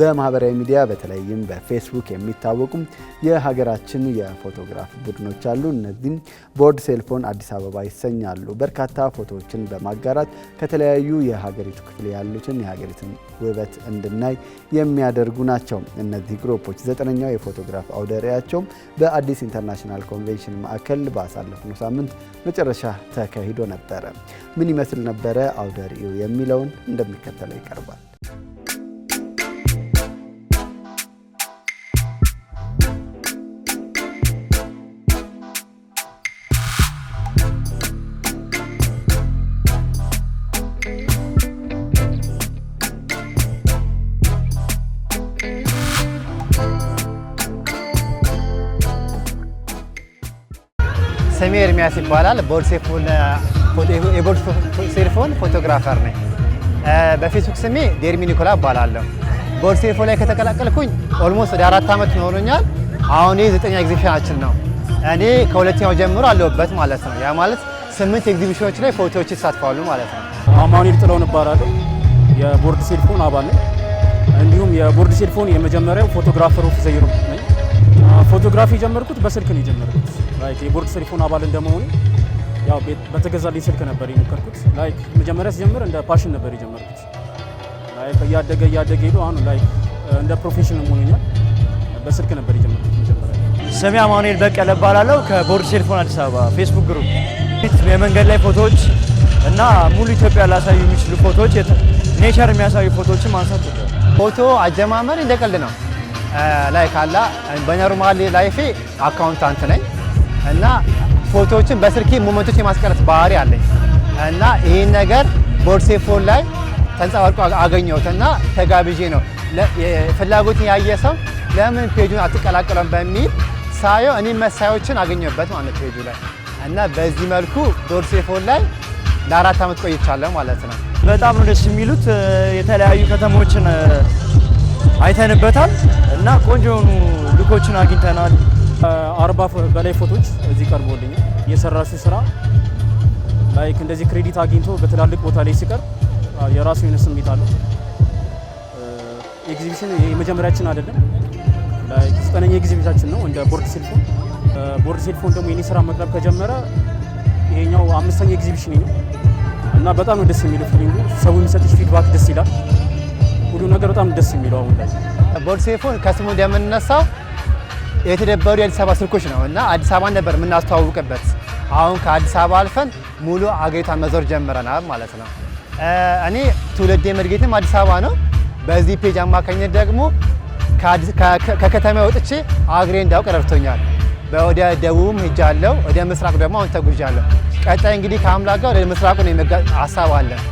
በማህበራዊ ሚዲያ በተለይም በፌስቡክ የሚታወቁ የሀገራችን የፎቶግራፍ ቡድኖች አሉ። እነዚህም ቦርድ ሴልፎን አዲስ አበባ ይሰኛሉ። በርካታ ፎቶዎችን በማጋራት ከተለያዩ የሀገሪቱ ክፍል ያሉትን የሀገሪቱን ውበት እንድናይ የሚያደርጉ ናቸው። እነዚህ ግሩፖች ዘጠነኛው የፎቶግራፍ አውደ ርዕያቸው በአዲስ ኢንተርናሽናል ኮንቬንሽን ማዕከል ባሳለፍነው ሳምንት መጨረሻ ተካሂዶ ነበረ። ምን ይመስል ነበረ አውደ ርዕዩ የሚለውን እንደሚከተለው ይቀርባል። ስሜ ኤርሚያስ ይባላል። የቦርድ ፎቶግራፈር ነኝ። በፌስቡክ ስሜ ዴርሚ ኒኮላ እባላለሁ። ቦርድ ላይ ከተቀላቀልኩኝ ኦልሞስት ወደ አራት ዓመት ሆኖኛል። አሁን ይህ ዘጠኛ ኤግዚቢሽናችን ነው። እኔ ከሁለተኛው ጀምሮ አለሁበት ማለት ነው። ያ ማለት ስምንት ኤግዚቢሽኖች ላይ ፎቶዎች ይሳትፋሉ ማለት ነው። አማኒል ጥለውን እባላለሁ። የቦርድ ሴልፎን አባል ነኝ። እንዲሁም የቦርድ ሴልፎን የመጀመሪያው ፎቶግራፈር ኦፍ ዘ ነኝ። ፎቶግራፊ የጀመርኩት በስልክ ነው የጀመርኩት ላይክ የቦርድ ሰሪፎን አባል እንደመሆኑ ያው በተገዛልኝ ስልክ ነበር የሞከርኩት። ላይክ መጀመሪያ ሲጀምር እንደ ፓሽን ነበር የጀመርኩት። ላይክ እያደገ እያደገ ሄዶ አሁን ላይክ እንደ ፕሮፌሽን ሆኖኛል። በስልክ ነበር የጀመርኩት መጀመሪያ። ስሜ አማኑኤል በቀለ እባላለሁ ከቦርድ ሴሪፎን አዲስ አበባ ፌስቡክ ግሩፕ የመንገድ ላይ ፎቶዎች እና ሙሉ ኢትዮጵያ ላሳዩ የሚችሉ ፎቶዎች ኔቸር የሚያሳዩ ፎቶዎችን ማንሳት ፎቶ አጀማመር እንደቀልድ ነው። ላይክ አላ በኖርማል ላይፌ አካውንታንት ነኝ እና ፎቶዎችን በስልኬ ሞመንቶች የማስቀረት ባህሪ አለኝ እና ይህን ነገር ቦርሴ ፎን ላይ ተንጸባርቆ አገኘሁት እና ተጋብዤ ነው ፍላጎትን ያየ ሰው ለምን ፔጁን አትቀላቀለም በሚል ሳየው እኔ መሳዮችን አገኘበት ማለት ፔጁ ላይ እና በዚህ መልኩ ቦርሴ ፎን ላይ ለአራት ዓመት ቆይቻለሁ ማለት ነው። በጣም ነው ደስ የሚሉት የተለያዩ ከተሞችን አይተንበታል እና ቆንጆ የሆኑ ልኮችን አግኝተናል። ከአርባ በላይ ፎቶች እዚህ ቀርቦልኝ የሰራሹ ስራ ላይክ እንደዚህ ክሬዲት አግኝቶ በትላልቅ ቦታ ላይ ሲቀርብ የራሱ የሆነ ስሜት አለው። ኤግዚቢሽን የመጀመሪያችን አይደለም፣ ዘጠነኛ ኤግዚቢታችን ነው እንደ ቦርድ ሴልፎን። ቦርድ ሴልፎን ደግሞ የኔ ስራ መቅረብ ከጀመረ ይሄኛው አምስተኛ ኤግዚቢሽን ነው እና በጣም ነው ደስ የሚለው ፊሊንጉ። ሰው የሚሰጥሽ ፊድባክ ደስ ይላል። ሁሉ ነገር በጣም ደስ የሚለው አሁን ላይ ቦርድ ሴልፎን ከስሙ እንደምንነሳው የተደበሩ የአዲስ አበባ ስልኮች ነው እና አዲስ አበባን ነበር የምናስተዋውቅበት። አሁን ከአዲስ አበባ አልፈን ሙሉ አገሪቷን መዞር ጀምረናል ማለት ነው። እኔ ትውልድ መድጌትም አዲስ አበባ ነው። በዚህ ፔጅ አማካኝነት ደግሞ ከከተማ ወጥቼ አገሬ እንዳውቅ ረድቶኛል። ወደ ደቡብም ሄጃለሁ፣ ወደ ምስራቅ ደግሞ አሁን ተጉዣለሁ። ቀጣይ እንግዲህ ከአምላክ ጋር ወደ ምስራቁ ነው የመጋጭ ሀሳብ አለን።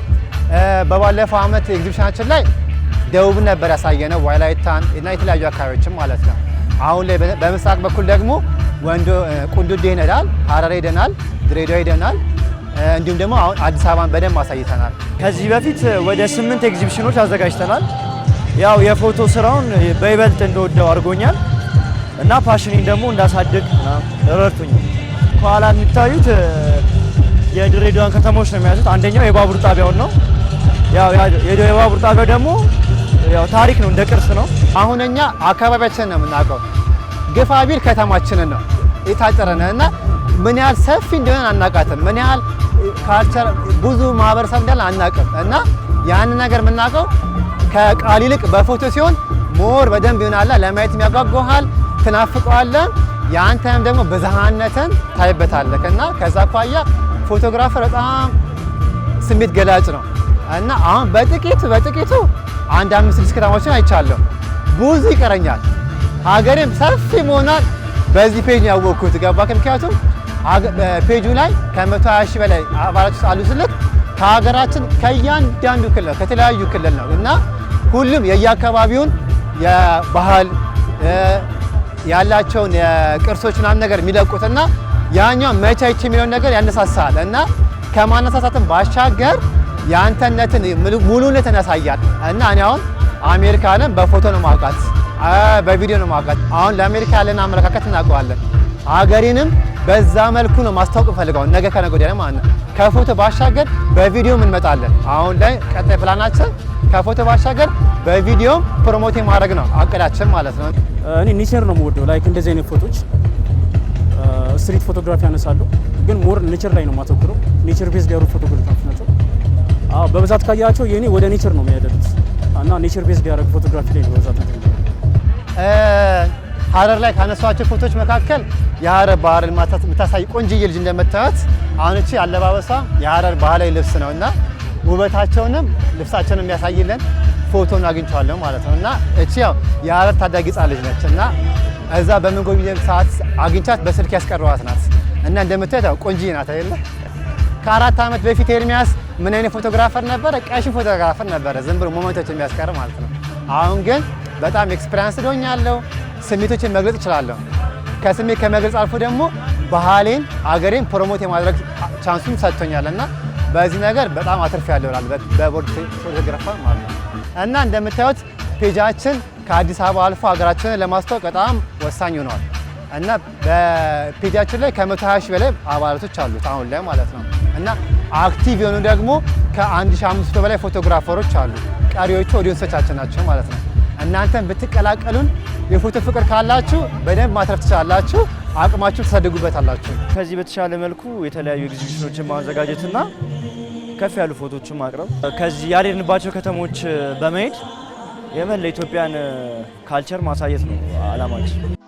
በባለፈው ዓመት ኤግዚቢሽናችን ላይ ደቡብን ነበር ያሳየነው፣ ዋይላይታን እና የተለያዩ አካባቢዎችም ማለት ነው። አሁን ላይ በምስራቅ በኩል ደግሞ ወንዶ ቁልዱዴ ይነዳል፣ ሀረር ሄደናል፣ ድሬዳዋ ሄደናል። እንዲሁም ደግሞ አሁን አዲስ አበባን በደንብ አሳይተናል። ከዚህ በፊት ወደ ስምንት ኤግዚቢሽኖች አዘጋጅተናል። ያው የፎቶ ስራውን በይበልጥ እንደወደው አድርጎኛል እና ፋሽኒን ደግሞ እንዳሳድግ ረድቶኛል። ከኋላ የሚታዩት የድሬዳዋን ከተሞች ነው የሚያዙት። አንደኛው የባቡር ጣቢያውን ነው። የባቡር ጣቢያው ደግሞ ያው ታሪክ ነው፣ እንደ ቅርስ ነው። አሁን እኛ ነው የምናውቀው፣ ግፋ ቢል ከተማችንን ነው የታጠረን እና ምን ያህል ሰፊ እንደሆነ አናውቃትም። ምን ያህል ካልቸር ብዙ ማህበረሰብ እንዳለ አናውቅም። እና ያንን ነገር የምናውቀው ከቃል ይልቅ በፎቶ ሲሆን ሞር በደንብ ይሆናላ፣ ለማየት የሚያጓጓሃል፣ ትናፍቀዋለን። የአንተም ደግሞ ብዝሃነትን ታይበታለህ እና ከዛ አኳያ ፎቶግራፈር በጣም ስሜት ገላጭ ነው እና አሁን በጥቂቱ በጥቂቱ አንድ አምስት ስድስት ከተማዎችን አይቻለሁ። ብዙ ይቀረኛል። ሀገሬም ሰፊ መሆኗን በዚህ ፔጅ ያወቅኩት ገባ። ምክንያቱም ፔጁ ላይ ከመቶ ሀያ ሺህ በላይ አባላት ውስጥ አሉ ስልክ ከሀገራችን ከእያንዳንዱ ክልል ነው ከተለያዩ ክልል ነው እና ሁሉም የየአካባቢውን የባህል ያላቸውን የቅርሶች ምናምን ነገር የሚለቁትና ያኛው መቻይች የሚለውን ነገር ያነሳሳል እና ከማነሳሳትን ባሻገር የአንተነትን ሙሉነትን ያሳያል። እና እኔ አሁን አሜሪካንን በፎቶ ነው ማውቃት፣ በቪዲዮ ነው ማውቃት። አሁን ለአሜሪካ ያለን አመለካከት እናውቀዋለን። አገሬንም በዛ መልኩ ነው ማስታወቅ እንፈልገው ነገ ከነገ ወዲያ ማለት ነው። ከፎቶ ባሻገር በቪዲዮም እንመጣለን። አሁን ላይ ቀጣይ ፕላናችን ከፎቶ ባሻገር በቪዲዮም ፕሮሞት ማድረግ ነው አቅዳችን ማለት ነው። እኔ ኔቸር ነው የምወደው። ላይክ እንደዚህ አይነት ፎቶች ስትሪት ፎቶግራፊ ያነሳለሁ፣ ግን ሞር ኔቸር ላይ ነው የማተኩረው። ኔቸር ቤዝ ዳሩ ፎቶግራፊ አዎ በብዛት ካያቸው የኔ ወደ ኔቸር ነው የሚያደርጉት እና ኔቸር ቤዝ ቢያደርግ ፎቶግራፊ ላይ ነው በብዛት ሀረር ላይ ካነሷቸው ፎቶች መካከል የሀረር ባህር ልማታት የምታሳይ ቆንጅዬ ልጅ እንደምታዩት አሁን እቺ አለባበሷ የሀረር ባህላዊ ልብስ ነው እና ውበታቸውንም ልብሳቸውን የሚያሳይልን ፎቶን አግኝቸዋለሁ ማለት ነው እና እቺ ያው የሀረር ታዳጊ ጻ ልጅ ነች እና እዛ በምንጎብኝበት ሰዓት አግኝቻት በስልክ ያስቀረዋት ናት እና እንደምታዩት ያው ቆንጅዬ ናት አይደለ ከአራት ዓመት በፊት ኤርሚያስ ምን አይነት ፎቶግራፈር ነበረ? ቀሺ ፎቶግራፈር ነበረ። ዝም ብሎ ሞመንቶች የሚያስቀር ማለት ነው። አሁን ግን በጣም ኤክስፔሪንስ ዶኛለሁ። ስሜቶችን መግለጽ እችላለሁ። ከስሜት ከመግለጽ አልፎ ደግሞ ባህሌን፣ አገሬን ፕሮሞት የማድረግ ቻንሱን ሰጥቶኛል እና በዚህ ነገር በጣም አትርፍ ያለው በቦርድ ፎቶግራፍ ማለት ነው እና እንደምታዩት ፔጃችን ከአዲስ አበባ አልፎ ሀገራችንን ለማስተዋወቅ በጣም ወሳኝ ሆኗል እና በፔጃችን ላይ ከመቶ ሀያ ሺህ በላይ አባላቶች አሉት አሁን ላይ ማለት ነው እና አክቲቭ የሆኑ ደግሞ ከ1500 በላይ ፎቶግራፈሮች አሉ። ቀሪዎቹ ኦዲየንሶቻችን ናቸው ማለት ነው። እናንተን ብትቀላቀሉን የፎቶ ፍቅር ካላችሁ በደንብ ማትረፍ ትችላላችሁ። አቅማችሁ ተሳድጉበት አላችሁ። ከዚህ በተሻለ መልኩ የተለያዩ ኤግዚቢሽኖችን ማዘጋጀትና ከፍ ያሉ ፎቶችን ማቅረብ ከዚህ ያልሄድንባቸው ከተሞች በመሄድ የመላ ኢትዮጵያን ካልቸር uh, ማሳየት ነው አላማችን።